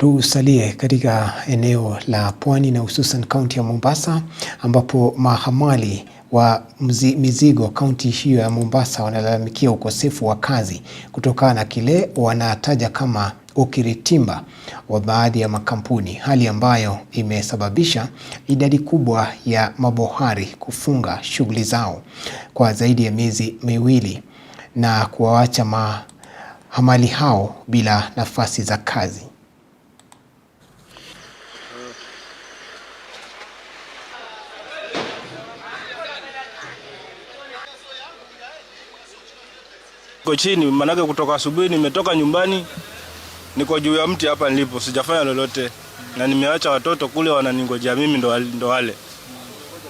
Tusalie katika eneo la pwani na hususan kaunti ya Mombasa ambapo mahamali wa mizigo kaunti hiyo ya Mombasa wanalalamikia ukosefu wa kazi kutokana na kile wanataja kama ukiritimba wa baadhi ya makampuni, hali ambayo imesababisha idadi kubwa ya mabohari kufunga shughuli zao kwa zaidi ya miezi miwili na kuwaacha mahamali hao bila nafasi za kazi. Niko chini manake, kutoka asubuhi nimetoka nyumbani, niko juu ya mti hapa nilipo, sijafanya lolote na nimeacha watoto kule wananingojea mimi, ndo wale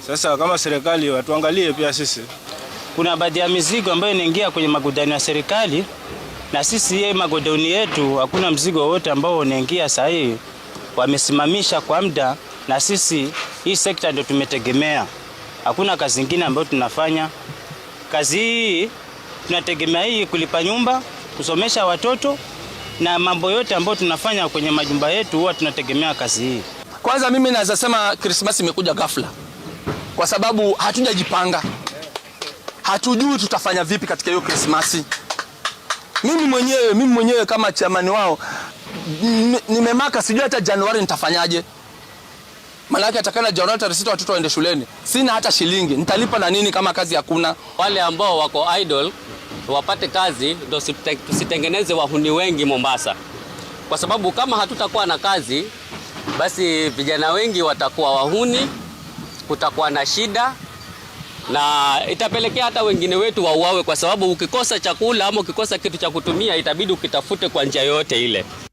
sasa. Kama serikali watuangalie pia sisi. Kuna baadhi ya mizigo ambayo inaingia kwenye magodani ya serikali, na sisi ye magodani yetu hakuna mzigo wote ambao unaingia saa hii, wamesimamisha kwa muda, na sisi hii sekta ndio tumetegemea. Hakuna kazi nyingine ambayo tunafanya kazi hii tunategemea hii kulipa nyumba, kusomesha watoto na mambo yote ambayo tunafanya kwenye majumba yetu huwa tunategemea kazi hii. Kwanza mimi naweza sema Christmas imekuja ghafla kwa sababu hatujajipanga, hatujui tutafanya vipi katika hiyo Christmas. Mimi mwenyewe mimi mwenyewe kama chamani wao nimemaka, sijui hata Januari nitafanyaje, Malaki atakana Januari tarehe sita watoto waende shuleni, sina hata shilingi, nitalipa na nini kama kazi hakuna? Wale ambao wako idle wapate kazi, ndio tusitengeneze wahuni wengi Mombasa, kwa sababu kama hatutakuwa na kazi, basi vijana wengi watakuwa wahuni, kutakuwa na shida na itapelekea hata wengine wetu wauawe, kwa sababu ukikosa chakula ama ukikosa kitu cha kutumia, itabidi ukitafute kwa njia yoyote ile.